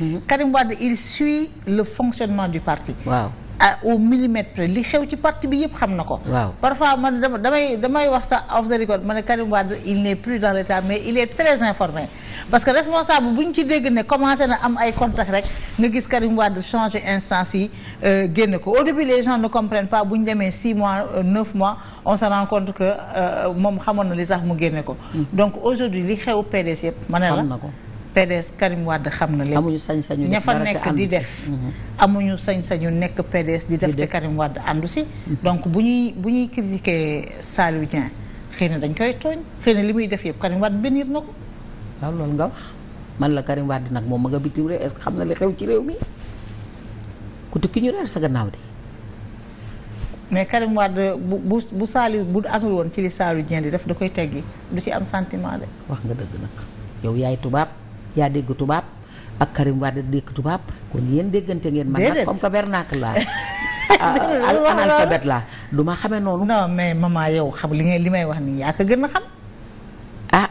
Mhm. Karim Wade il suit le fonctionnement du parti. waaw ah, au millimètre près li xew ci parti bi yëpp xam na ko. waaw parfois man damay damay wax sa off the record ma ne Karim Wade il n'est plus dans l'état mais il est très informé. parce que responsable bu ñu ci dégg ne commencé na am ay contact rek nga gis Karim Wade changer instance yi euh, génn ko au début les gens ne comprennent pas bu ñu demee 6 mois 9 euh, mois on se rend compte que euh, moom xamoon na li tax mu génne ko. Mhm. donc aujourd'hui li xew PDS yëpp. ma ne la PDS Karim Wade xam na leen. amuñu sañ-sañu def ña fa nekk di def. Mhm. amuñu sañ-sañu nekk PDS di def te Karim Wade àndu si. Mhm. donc bu ñuy bu ñuy critiquer Saliou Dieng xëy na dañ koy tooñ xëy na li muy def yëpp Karim Wade bénir na ko. waaw loolu nga wax man la Karim Wade nag moom ma nga bitim réew est xam na li xew ci réew mi ku tukki ñu reer sa gannaaw de. mais Karim Wade bu bu bu Saliou bu amul woon ci li Saliou Dieng di def da koy teggi du ci am sentiment de. wax nga dëgg nag yow yaay tubaab. yaa dégg tubaab ak Karim Wade dégg tubaab kon yéen déggante ngeen man nag comme que vernacle laa analphabète ah, laa du ma xamee noonu non mais maman yow xam li ngay li may wax nii yaa ko gën a xam ah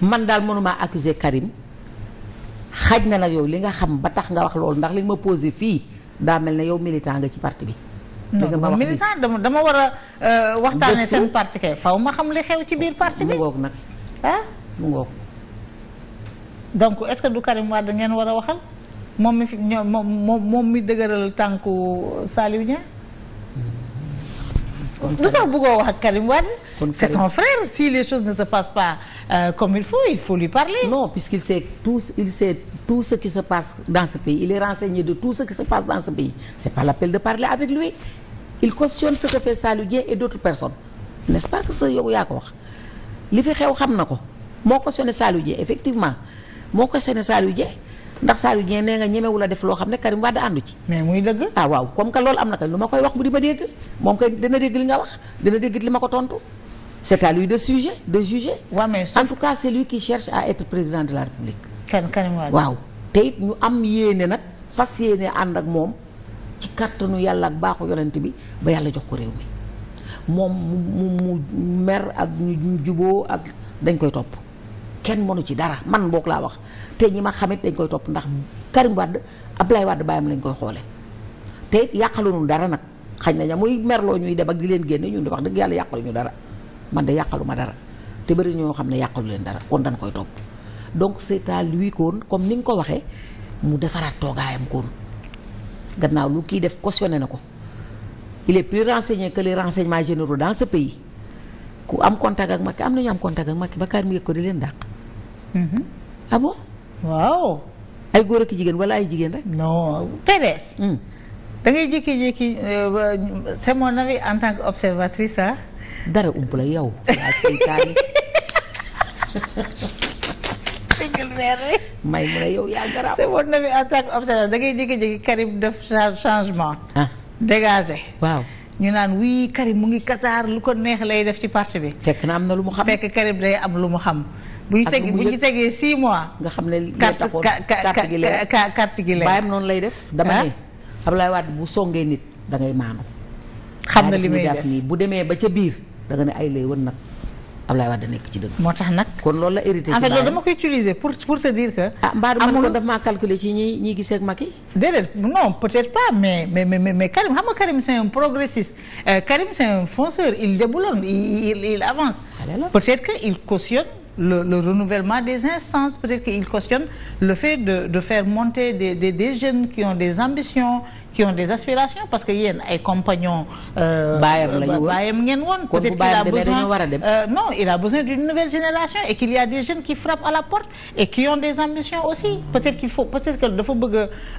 man daal mënumaa accuser Karim xaj na la yow li nga xam ba tax nga wax loolu ndax li nga ma posé fii daa mel ne yow militant nga ci parti bi li wax militant dama war a euh, waxtaane seen parti kay faw ma xam li xew ci biir parti bi mu ngoog nag ah? mu ngoog donc est-ce que du Karim Wade war a waxal moom mi fi moom moom mi dëgëral tànku Saliou Niang lu tax bëggoo wax ak Karim Wade c'est ton frère si les choses ne se passent pas euh, comme il faut il faut lui parler non puisqu'il sait tout il sait tout ce qui se passe dans ce pays il est renseigné de tout ce qui se passe dans ce pays c'est pas la peine de parler avec lui il cautionne ce que fait Saliou Dieng et d'autres personnes n'est-ce pas que ça yow yaa li fi xew xam na ko moo cautionné Saliou effectivement moo questionné Saliou Dieng ndax Saliou Dieng nee nga ñemewu la def loo xam ne Karim Wade àndu ci. mais muy dëgg. ah waaw comme que loolu am na kay lu ma koy wax bu di ma dégg moom kay dina dégg li nga wax dina dégg li ma ko tontu c'est à lui de sujet de juger. waaw mais en cas c'est lui qui cherche à être président de la République. kan Karim Wade waaw te it ñu am yéene nag fas yéene ànd ak moom ci kartanu yàlla ak baaxu yonent bi ba yàlla jox ko réew mi moom mu mu mer ak ñu juboo ak dañ koy topp. kenn mënu ci dara man boog laa wax te ñi ma xamit dañ koy topp ndax Karim Wade Abdoulaye Wade bàyyam lañ koy xoole te yàqaluñu dara nag xañ na ña muy merloo ñuy dem ak di leen génne ñun di wax dëgg yàlla ñu dara man de yàqalu ma dara te bëri ñoo xam ne yàqalu leen dara kon dañ koy topp donc c'est à lui koon comme ni nga ko waxee mu defaraat toogaayam koon gannaaw lu kii def cautionné na ko il est plus renseigné que les renseignements généraux dans ce pays ku am contact ak am na ñu am contact ak Macky ba Karim di leen dàq Mm-hmm. ah bon. waaw. ay góor ak jigéen wala ay jigéen rek. non PDS. Mm. da ngay jékki-jékki euh, c'est mon en tant qu'observatrice ah. dara ump la yow. yaa seytaane. déggal weer rek. may mu ne yow yaa garaaw. c'est mon avis en tant qu'observatrice da ngay jékki-jékki Karim def changement. ah waaw ñu naan wii Karim mu ngi Qatar lu ko neex lay def ci parti bi. fekk na am na lu mu xam. fekk Karim day am lu mu xam. bu ñu teg bu ñu tegee 6 mois. nga xam ne carte carte gi leer carte gi leer bàyyam noonu lay def. dama ne Abdoulaye Wade bu songee nit da ngay maanu. xam na li muy def nii bu demee ba ca biir da nga ne ay lay wan nag Abdoulaye Wade nekk ci dëgg. moo tax nag kon lool la hérité. en fait loolu dama ko utiliser pour pour se dire que. ah mbaa man kon daf maa calculer ci ñi ñi gisee ak Macky. déedéet non peut-être pas mais mais mais mais Karim xam nga Karim c'est un progressiste euh, un fonceur il déboulonne il il avance. peut-être que il cautionne. le, le renouvellement des instances. Peut-être qu'ils cautionnent le fait de, de faire monter des, des, des, jeunes qui ont des ambitions, qui ont aspirations, parce qu'il euh, y a un compagnon... Euh, Bayam Peut-être qu'il a besoin... Euh, non, il a besoin d'une nouvelle génération et qu'il y a des jeunes qui frappent à la porte et qui ont des ambitions aussi. Peut-être qu'il faut... Peut-être qu'il faut...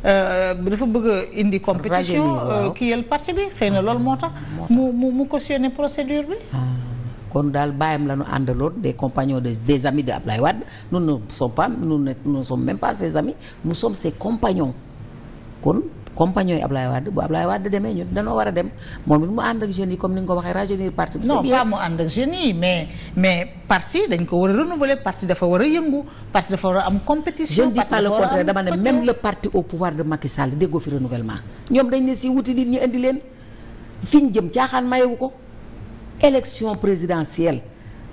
Euh, il faut une des compétitions qui est le parti. Fait une lol montant. Mou cautionner procédure, oui. kon daal bàyyam la ñu àndaloon des compagnons des des amis de Ablaye Wade nous ne sommes pas nous ne nous ne sommes même pas ses amis nous sommes ses compagnons kon compagnons yi Ablaye Wade bu demee ñu danoo war a dem moom it mu ànd ak jeunes yi comme ni nga ko waxee rajeunir parti bi. non pas mu ànd mais mais parti dañ ko war a renouveler parti dafa war a yëngu parti dafa war a am compétition. je ne dis pas le contraire dama ne même le parti au pouvoir de Macky Sall déggoo fi renouvellement ñoom dañ ne si wuti ko. élection présidentielle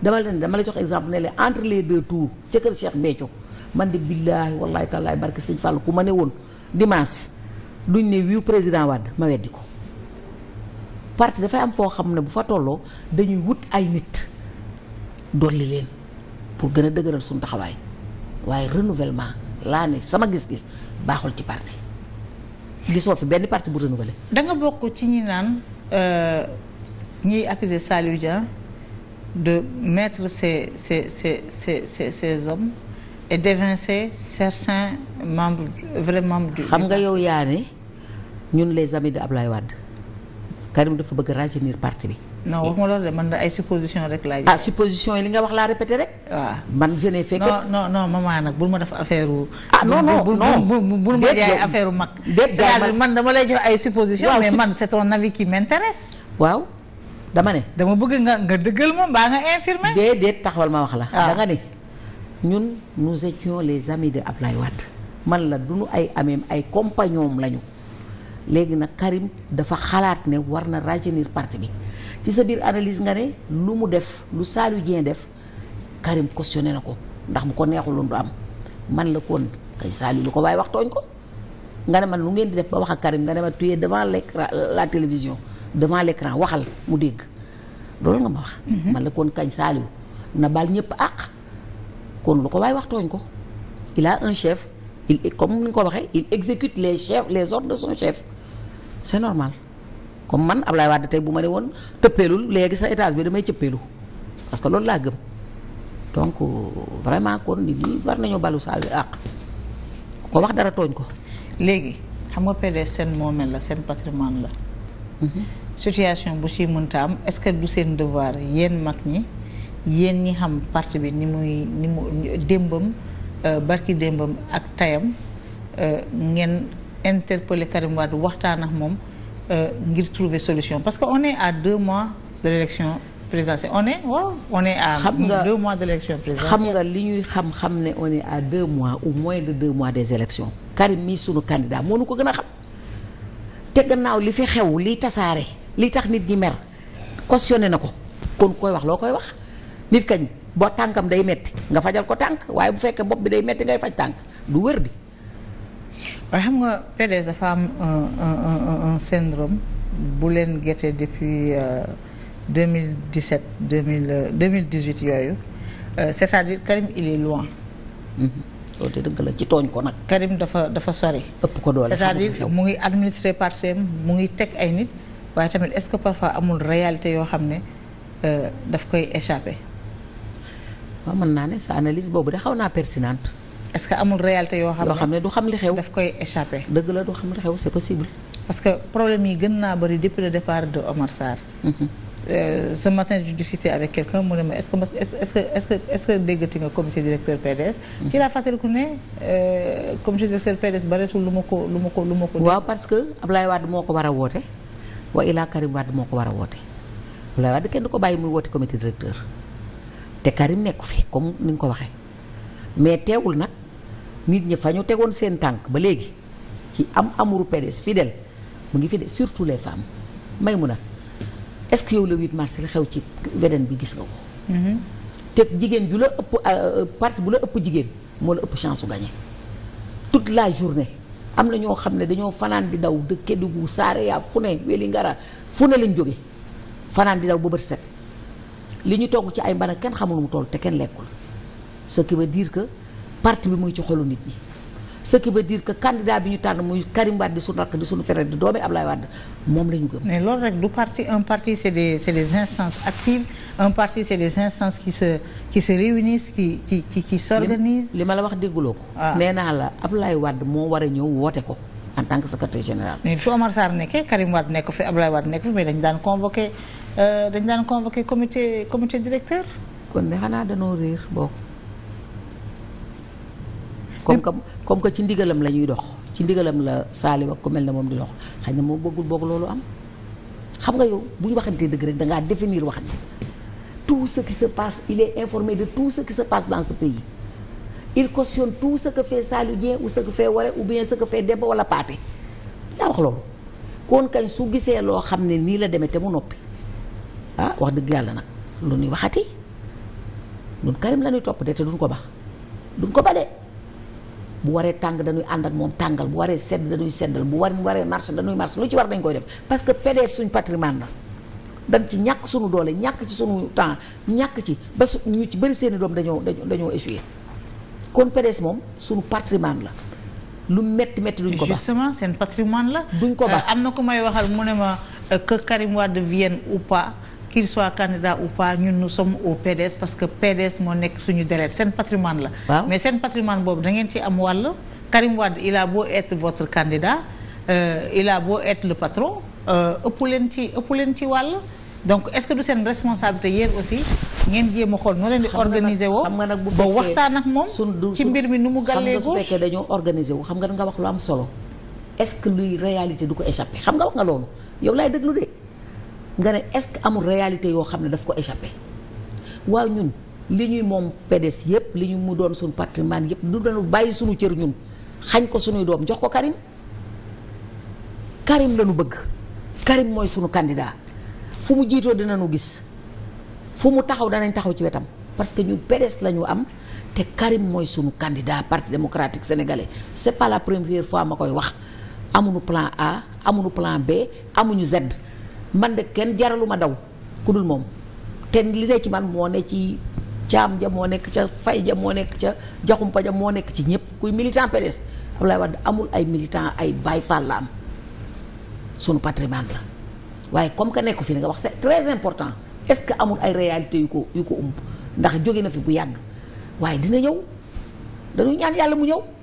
dama leen dama la jox exemple ne la entre les deux tours ca kër Cheikh Béthio man de billaahi wallaahi tallaahi barke sëñ Fall ku ma ne woon dimanche duñ ne wiiw président Wade ma weddi ko parti dafay am foo xam ne bu fa tolloo dañuy wut ay nit dolli leen pour gën a dëgëral suñ taxawaay waaye renouvellement laa ne sama gis-gis baaxul ci parti gisoo fi benn parti bu renouvelé. da bokk ci ñi naan. Euh, ñuy accuser Saliou Dia de mettre ses ses ses ses ses ses hommes et d'évincer certains membres vrais membres du. xam nga yow yaa ne ñun les amis de Ablaye Wade Karim dafa bëgg rajeunir parti bi. non waxuma loolu de man ay supposition rek laay. ah supposition yi li nga wax laa répété rek. waaw man je n'ai fait que. non non non def affaire. ah non non non bul ma jaay affaire man man dama lay jox ay supposition mais man c'est ton avis qui m'intéresse. waaw. dama ne. dama bëgg nga nga dëggal ma mbaa nga infirmer. déedéet taxawal ma wax la. Ah. da ne ñun nous étions les amis de Ablaye Wade man la du nu ay ameem ay compagnons lañu. léegi nag Karim dafa xalaat ne war na rajeunir parti bi ci sa biir analyse nga ne lu mu def lu Saliou Dieng def Karim cautionné na ko ndax bu ko neexul neexuloon du am man la kon kay Saliou lu ko waaye wax tooñ ko. nga ne man lu ngeen di def ba wax ak Karim nga ne ma tuyee devant l'écran la télévision devant l'écran waxal mu dégg loolu nga ma wax. Mhm. man la kon kañ Saliou na baal ñëpp àq kon lu ko waaye wax tooñ ko il a un chef il comme ni nga ko waxee il exécute les chefs les ordres de son chef c'est normal. comme man Ablaye Wade tey bu ma ne woon tëppeelul léegi sa étage bi damay cëppeelu parce que loolu laa gëm donc euh, vraiment kon nit ñi war nañoo balu saa yu àq ko wax dara tooñ ko. léegi xam nga PDS seen moomeel la seen patrimoine la. Mm-hmm. situation bu ci mënta am est-ce que du seen devoir yéen mag ñi yéen ñi xam parti bi ni muy ni mu démbam euh, barki démbam ak tayam euh, ngeen interpeller Karim Wade waxtaan ak moom euh, ngir trouver solution parce que on à deux mois de l'élection présidentielle on est waaw on xam nga deux mois de l'élection présidentielle xam nga li ñuy xam-xam ne on est à deux mois ou moins de deux mois des élections Karim mii sunu candidat moo nu ko gën a xam te gannaaw li fi xew liy tasaare li tax nit ñi mer cautionné na ko kon koy wax loo koy wax nit kañ boo tànkam day metti nga fajal ko tànk waaye bu fekkee bopp bi day metti ngay faj tànk du wër di. waaye xam nga PDS dafa am syndrome bu leen gerte depuis. Euh, deux deux mil dix 2017 2000 2018 yooyu euh, c'est-à-dire Karim il est loin. loolu mm-hmm. oh, de dëgg la ci tooñ ko nag. Karim dafa dafa sori. ëpp ko doole cest à mu ngi administrer partem mu ngi teg ay nit waaye tamit est-ce que parfois amul réalité yoo xam ne euh, daf koy échapper. waaw mën naa ne sa analyse boobu de xaw naa pertinente. est-ce que amul réalité yoo xam ne yoo xam ne du xam li xew. daf koy échapper dëgg la du xam li xew c'est possible. parce que problème yi gën naa bari depuis le départ de Omar Sarr. Mm-hmm. Euh, ce matin je discutais avec quelqu'un mu ne ma est-ce que est-ce que est-ce que est-ce que déggati nga comité directeur PDS. Mhm. ci laa fàttaliku ne euh, comité directeur PDS bareesul lu ma ko lu ma ko lu ma ko. waaw parce que Ablaye Wade moo ko war a woote wa ilaa Karim Wade moo ko war a woote Ablaye Wade kenn du ko bàyyi muy woote comité directeur te Karim nekku fi comme ni nga ko waxee mais teewul nag nit ñi fa ñu tegoon seen tànk ba léegi ci am amuru PDS fidèle mu ngi fi de surtout les femmes may mun a est-ce que yow le 8 mars li xew ci weden bi gis nga ko. Mhm. te jigéen ju la ëpp euh, euh, parti bu la ëpp jigéen moo la ëpp chance su gagné toute la journée am na ñoo xam ne dañoo fanaan di daw dëkk de Kédougou Saraya fu ne Wélingara fu ne lañ jóge fanaan di daw ba bët set li ñu togg ci ay mbana kenn xamul mu toll te kenn lekkul sa qui veut dire que parti bi mu ngi ci xolu nit ñi. ce qui veut dire que candidat bi ñu tànn muy Karim Wade di suñu rakk di suñu frère di doomi Ablaye Wade moom la ñu mais loolu rek du parti un parti c'est des c'est des instances actives un parti c'est des instances qui se qui se ci qui qui qui qui li ma la wax dégguloo ko. waaw ah. naa la Ablaye Wade moo war a ñëw woote ko. en tant que secrétaire général. mais su Omar Sarr nekkee Karim Wade nekk fi Abdoulaye Wade nekk fi mais dañu daan convoqué euh, dañu daan convoqué comité kon ne xanaa danoo réer bokk. comme que comme que ci ndigalam la ñuy dox ci ndigalam la saali wax ku mel ne moom di dox xëy na moo bëggul boog loolu am xam nga yow bu ñu waxantee dëgg rek dangaa définir wax ji tout ce qui se passe il est informé de tout ce qui se passe dans ce pays tout ce que fait Saliou Dieng ou ce que fait Waré ou bien ce que fait Demba wala yaa wax loolu kon kañ su gisee loo xam ne nii la demee te mu noppi ah, wax dëgg yàlla nag lu ñuy waxati ñun Karim la topp de te duñ ko ba duñ ko ba de bu waree tàng dañuy ànd ak moom tàngal bu waree sedd dañuy seddal bu war waree marché dañuy marché lu ci war dañ koy def parce que PDS suñ patrimoine la dañ ci ñàkk suñu doole ñàkk ci sunu temps ñàkk ci ba su ñu ci bëri seeni doom dañoo dañoo essuyé kon PDS moom suñu patrimoine la lu metti metti duñ ko ba justement seen patrimoine la duñ ko ba euh, am na ku may waxal mu ne ma euh, que Karim Wade vienne ou pas qu'il soit candidat ou ñun nous sommes au PDS parce que PDS moo nekk suñu deret seen patrimoine la waaw. mais seen patrimoine boobu da ci am wàll Karim Wade il a beau être votre candidat euh, il a beau être le patron euh, ëpp leen ci ëpp leen ci wàll donc est-ce que du seen responsabilité yéen aussi ngeen jéem a xool noo leen di organiser woo xam nga nag bu fekkee ba waxtaan ak mbir mi nu mu gàllee su fekkee dañoo organiser wu xam nga danga nga wax lu am solo est-ce que luy réalité du ko échapper xam nga wax nga loolu yow laay déglu nga ne est-ce que amul réalité yoo xam ne daf ko échappé waaw ñun li ñuy moom PDS yépp li ñu mu doon suñu patrimoine yépp du dañu bàyyi suñu cër ñun xañ ko suñuy doom jox ko Karim Karim lañu bëgg Karim mooy suñu candidat fu mu jiitoo dinañu gis fu mu taxaw danañ taxaw ci wetam parce que ñu PDS la ñu am te Karim mooy suñu candidat parti démocratique sénégalais c'est pas la première fois ma koy wax amulu plan A amulu plan B amuñu Z man de kenn jaraluma daw ku dul moom te li ne ci man moo ne ci caam ja moo nekk ca fay ja moo nekk ca jaxumpa ja moo nekk ci ñëpp kuy militant PDS Abdoulaye Wade amul ay militant ay Baye Fall am sunu patrimoine la waaye comme que nekku fi la nga wax c'est très important est-ce que amul ay réalité yu ko yu ko ndax jóge na fi bu yàgg waaye dina ñëw dañuy ñaan yàlla mu ñëw